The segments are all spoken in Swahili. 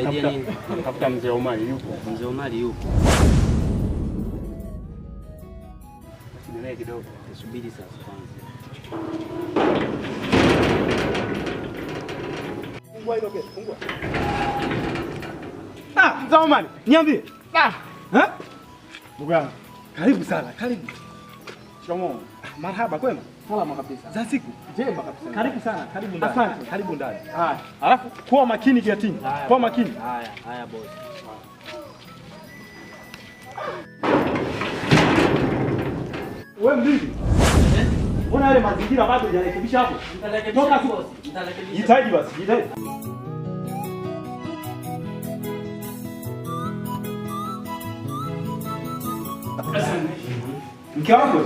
Anamsaidia nini? Anatafuta mzee Omari yupo. Mzee Omari yupo. kidogo. Subiri sasa kwanza. Fungua hilo kesho, fungua. Ah, mzee Omari, niambie. Ah. Eh? Bwana, karibu sana, karibu. Shikamoo. Ah, marhaba, kwema? Salama kabisa. Za siku njema kabisa. Karibu sana. Karibu ndani. Asante. Karibu ndani. Haya. Alafu kuwa makini Giatini. Kuwa makini. Haya, haya boss. Wewe mbibi. Eh? Mbona yale mazingira bado hajarekebisha hapo? Nitarekebisha. Toka boss. Nitarekebisha. Jitahidi basi, jitahidi. Asante. Mke wako?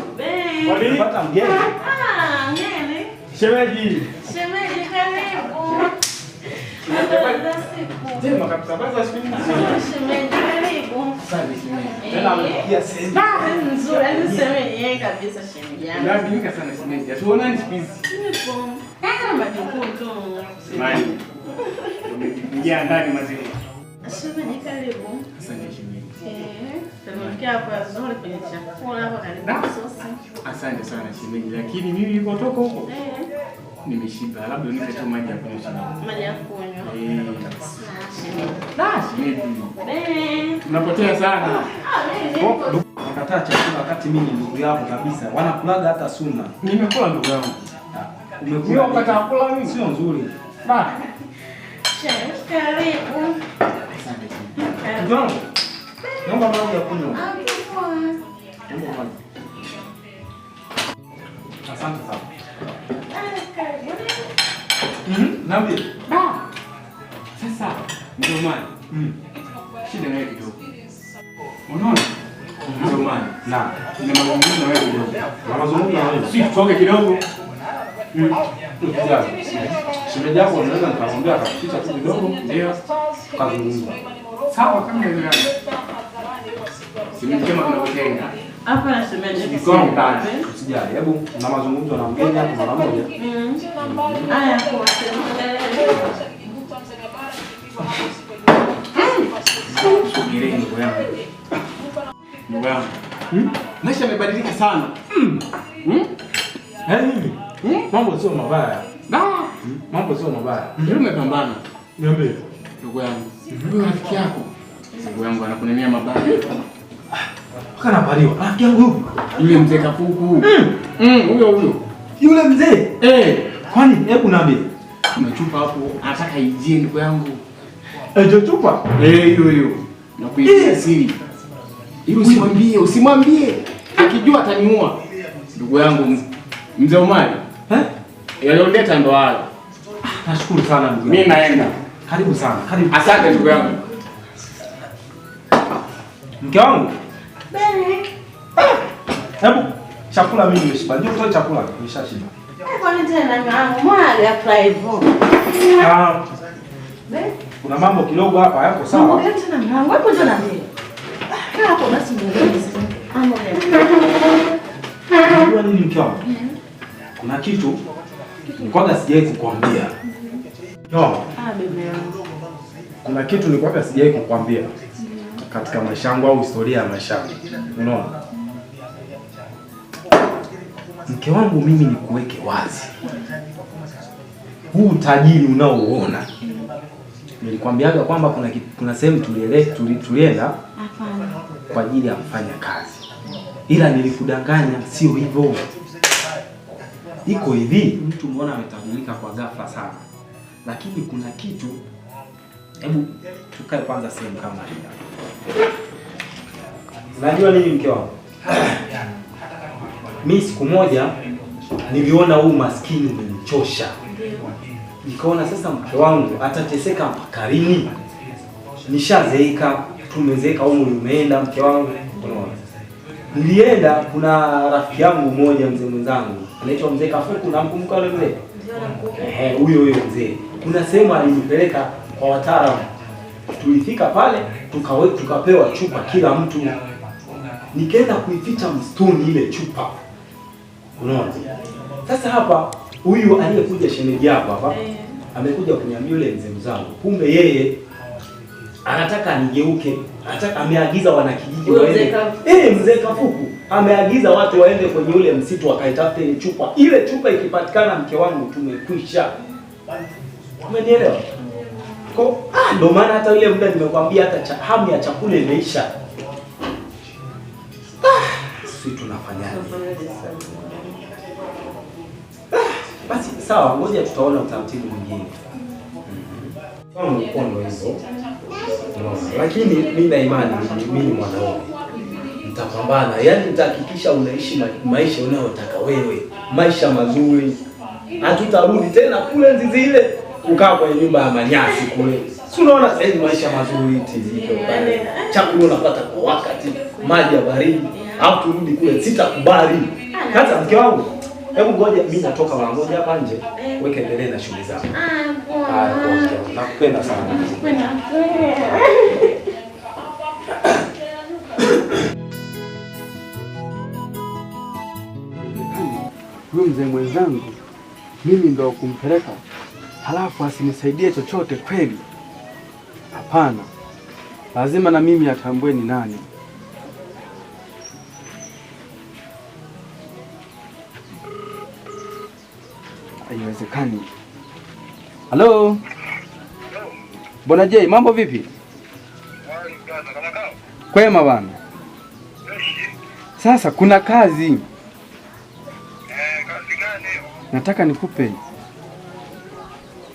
Wamepata mgeni. Ah, mgeni. Shemeji. Shemeji karibu. Jema kabisa. Basi siku nyingi. Shemeji karibu. Asante shemeji. Tena mkia sema. Ah, nzuri. Yaani shemeji yeye kabisa shemeji yangu. Natumika sana shemeji. Tuonane siku hizi. Nipo. Kaka majukumu tu. Shemeji. Umejaa ndani mazima. Shemeji karibu. Asante shemeji. Eh. Asante sana shemeji, lakini mimi niko toko huko eh. nimeshiba, labda unipe tu maji ya kunywa Maji ya kunywa. Eh. Ah, ah, shemeji, eh. tunapotea sana. Ah, oh, Nakataa chakula wakati mimi ndugu yako kabisa, wanakulaga hata suna. Nimekula ndugu yangu. Umekula Wewe ukata kula mimi sio nzuri. Ba. Shemeji, karibu. Asante. Ndio. Naomba maji ya kunywa. Asante sana. Mhm, Ba. Sasa ndio maana. Mhm. Shida nayo kidogo. Unaona? Ndio maana. Na, nina mazungumzo na wewe kidogo. Na mazungumzo na wewe. Si tutoke kidogo. Mhm. Simejapo unaweza nikamwambia akafikisha tu kidogo. Ndio. Kazungumza. Sawa kama ndio. Sijasema tunakutenga. Hapa nasemaje? Mkono na mazungumzo na mgeni hapo mara moja. Mm. Hmm? Maisha yamebadilika sana. Hmm. Hmm? Eh, Mambo sio mabaya. Mambo sio mabaya. Mimi Niambie. Ndugu yangu. Rafiki yako. Ndugu yangu anakunemea mabaya. Kana paliwa. Rafiki yangu huyu. Yule mzee kafuku. Mm. Mm, huyo huyo. Yule mzee? Eh. Kwani hebu niambie. Kuna chupa hapo anataka ijie ndiko yangu. Eh, hiyo chupa? Eh, hiyo hiyo. Na kuitia siri. Hiyo usimwambie, usimwambie. Akijua ataniua. Ndugu yangu mzee Omari. Eh? Yaloleta ndo hayo. Ah, nashukuru sana ndugu. Mimi naenda. Karibu sana. Karibu. Asante ndugu yangu. Mke wangu. Hebu chakula mimi nimeshiba. Ndio utoe chakula, nimeshashiba. Ah. Kuna mambo kidogo hapa yako sawa. Mambo Unajua nini mke wangu? Kuna kitu nikwaga sijawahi kukwambia. Mm-hmm. Ah, Kuna kitu nikwaga sijawahi kukwambia katika maisha yangu au historia ya maisha yangu. Unaona? Mke wangu mimi ni kuweke wazi huu utajiri unaouona. Nilikwambiaga kwamba kuna kuna sehemu tuliele tulienda kwa ajili ya kufanya kazi, ila nilikudanganya, sio hivyo. Iko hivi, mtu muona ametambulika kwa ghafla sana, lakini kuna kitu, hebu tukae kwanza sehemu kama hii. Unajua nini mke wangu? Mimi siku moja niliona huu maskini umenichosha. Nikaona sasa mke wangu atateseka mpaka lini? Nishazeeka, tumezeeka, umri umeenda mke wangu. Nilienda, kuna rafiki yangu mmoja mzee mwenzangu anaitwa mzee Kafuku, namkumbuka yule mzee. Eh, huyo huyo mzee. Kuna sehemu alinipeleka kwa wataalamu Tulifika pale tukawe, tukapewa chupa kila mtu, nikaenda kuificha msituni ile chupa, unaona. Sasa hapa huyu aliyekuja shemeji yako hapa amekuja kuniambia yule mzee mzangu, kumbe yeye anataka nigeuke, anataka ameagiza wanakijiji waende eh, mzee Kafuku ameagiza watu waende kwenye ule msitu wakaitafute ile chupa. Ile chupa ikipatikana, mke wangu tumekwisha. Umenielewa? Ko, ah, ndo maana hata yule muda nimekwambia hata hamu ya chakula imeisha. Ah, sisi tunafanyaje? Ah, basi sawa, ngoja tutaona utaratibu mwingine. Mm-hmm. kwa mkondo hizo. Lakini mimi na imani mimi ni mwanaume. Nitapambana, yaani nitahakikisha unaishi ma maisha unayotaka wewe, maisha mazuri. Hatutarudi tena kule nzizi ile kukaa kwenye nyumba ya manyasi kule. Si unaona sasa hivi maisha mazuri TV pale. Chakula unapata kwa wakati, maji ya baridi. Au turudi kule sitakubali. Hata mke wangu, hebu ngoja mimi natoka wangu ngoja hapa nje. Weke endelee na shughuli zako. Ah, nakupenda sana. Nakupenda. Huyu mzee mwenzangu mimi ndo kumpeleka halafu asinisaidie chochote kweli? Hapana, lazima na mimi atambue ni nani. Haiwezekani. Halo Bwana J, mambo vipi? Kwema bana. Sasa kuna kazi. Eh, kazi gani? Nataka nikupe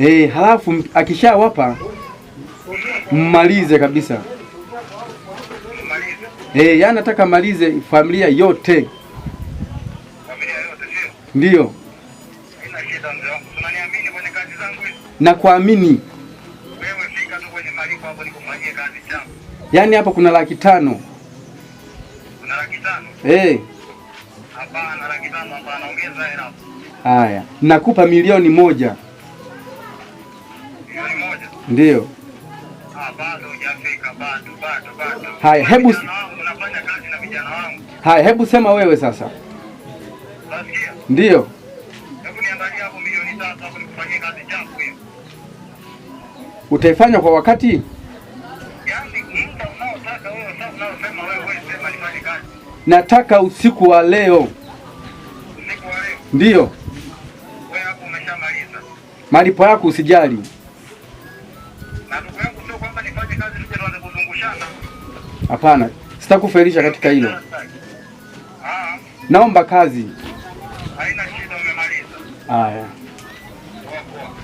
e, halafu akishawapa mmalize kabisa eh, e, yani nataka malize familia yote, familia yote ndiyo na kuamini yaani hapo kuna laki tano Kuna laki tano. Eh. Hapana, laki tano hapana, ongeza hela. Haya, nakupa milioni moja. Ndio. Haya, hebu haya, hebu sema wewe sasa. Ndio. Utaifanya kwa wakati nataka usiku wa leo. Ndio, malipo yako usijali. Hapana, sitakufailisha katika hilo. Naomba kazi. Haina shida, umemaliza. Haya,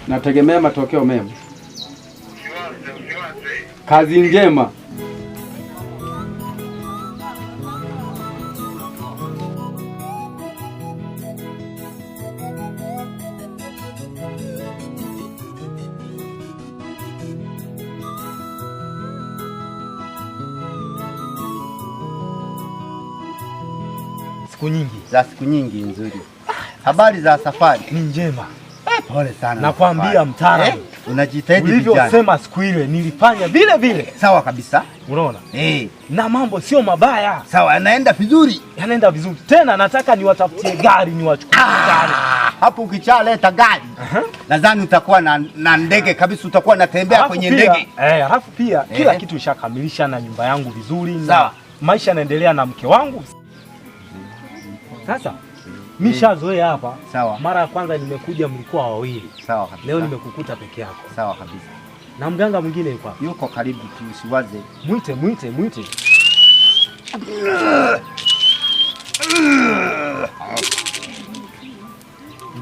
nategemea matokeo mema. Kazi njema. siku nyingi za siku nyingi nzuri. Habari za safari ni njema. Eh, pole sana nakwambia mtaalamu eh, unajitahidi vijana. Ulivyosema siku ile nilifanya vile vile. Sawa kabisa, unaona eh, na mambo sio mabaya. Sawa, yanaenda vizuri, yanaenda vizuri tena. Nataka niwatafutie gari niwachukue ah, gari hapo. Ukichaleta gari nadhani utakuwa na, na ndege kabisa, utakuwa natembea kwenye ndege eh. Halafu pia eh, kila kitu ishakamilisha na nyumba yangu vizuri Sawa. na maisha yanaendelea na mke wangu sasa mishazoea hapa. Sawa. Mara ya kwanza nimekuja mlikuwa wawili. Sawa kabisa. Leo nimekukuta peke yako. Sawa kabisa. Na mganga mwingine yuko hapa. Yuko karibu tu, usiwaze. Mwite, mwite, mwite.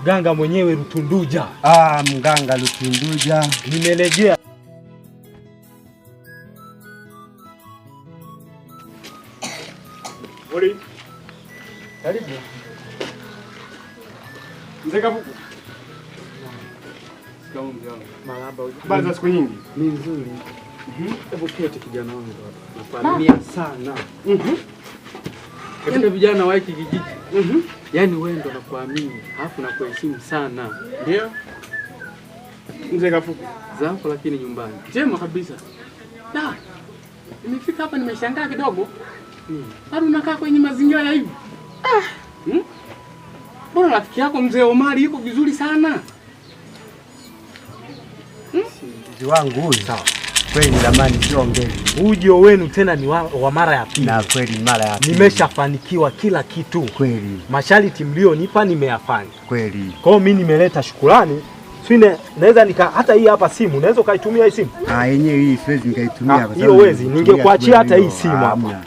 Mganga mwenyewe Rutunduja. Ah, mganga Rutunduja. Nimelejea. Karibu mzee Kabuku. Habari za siku nyingi? Ni nzuri. Mhm. Hebu keti kijana wangu hapa. Nafahamia sana. Mhm. Katika vijana wa hiki kijiji. Mhm. Yaani wewe ndo nakuamini, alafu nakuheshimu sana. Ndio. Mzee Kabuku. Zako lakini nyumbani. Jema kabisa. Da. Nimefika hapa nimeshangaa kidogo. Hmm. Bado unakaa kwenye mazingira ya hivi. Ah. Hmm? Mbona rafiki yako mzee Omari yuko vizuri sana? Hmm? Mzee wangu huyu sawa kweli, zamani sio ngeli. Ujo wenu tena ni wa, wa mara ya pili. Na kweli mara ya pili. Nimeshafanikiwa kila kitu kweli, masharti mlionipa nimeyafanya kweli. Kwa hiyo mimi nimeleta shukurani Sine, naweza nika hata hii hapa simu naweza ukaitumia hii simu? Ah, yenyewe hii siwezi nikaitumia ah, kwa sababu hiyo. Wezi ningekuachia hata hii simu hapa.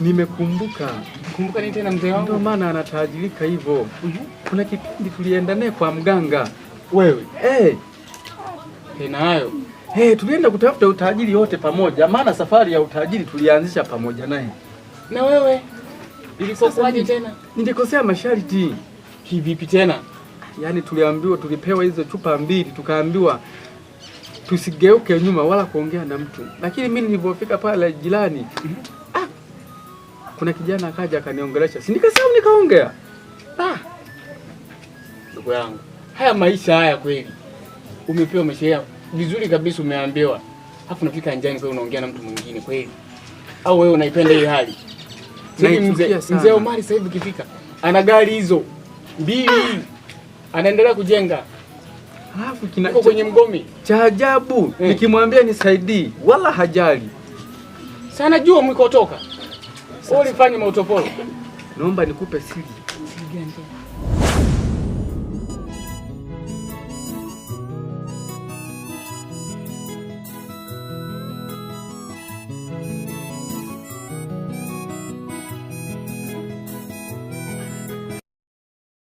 Nimekumbuka Kumbuka nini tena mzee wangu? Ndio maana anatajirika hivyo. Kuna kipindi tulienda naye kwa mganga. Wewe? Eh. Hey. Tena hayo. Eh, hey, tulienda kutafuta utajiri wote pamoja, maana safari ya utajiri tulianzisha pamoja naye. Na wewe? Ilikokuwaje tena? Nilikosea masharti. Kivipi tena? Yaani tuliambiwa, tulipewa hizo chupa mbili, tukaambiwa tusigeuke nyuma wala kuongea na mtu, lakini mimi nilipofika pale jirani mm -hmm kuna kijana akaja akaniongelesha, si nikasahau nikaongea. Ah, ndugu yangu, haya maisha haya kweli, umepewa umeshea vizuri kabisa, umeambiwa, hapo, unafika njani kwa unaongea na mtu mwingine kweli? Au wewe unaipenda hii hali? Mzee mzee Omari sasa hivi kifika, ana gari hizo mbili, ah! anaendelea kujenga alafu kina kwenye mgomi. Cha ajabu eh. nikimwambia nisaidii, wala hajali sana, jua mwikotoka Ulifanye mautopolo. Naomba nikupe siri. Siri gani?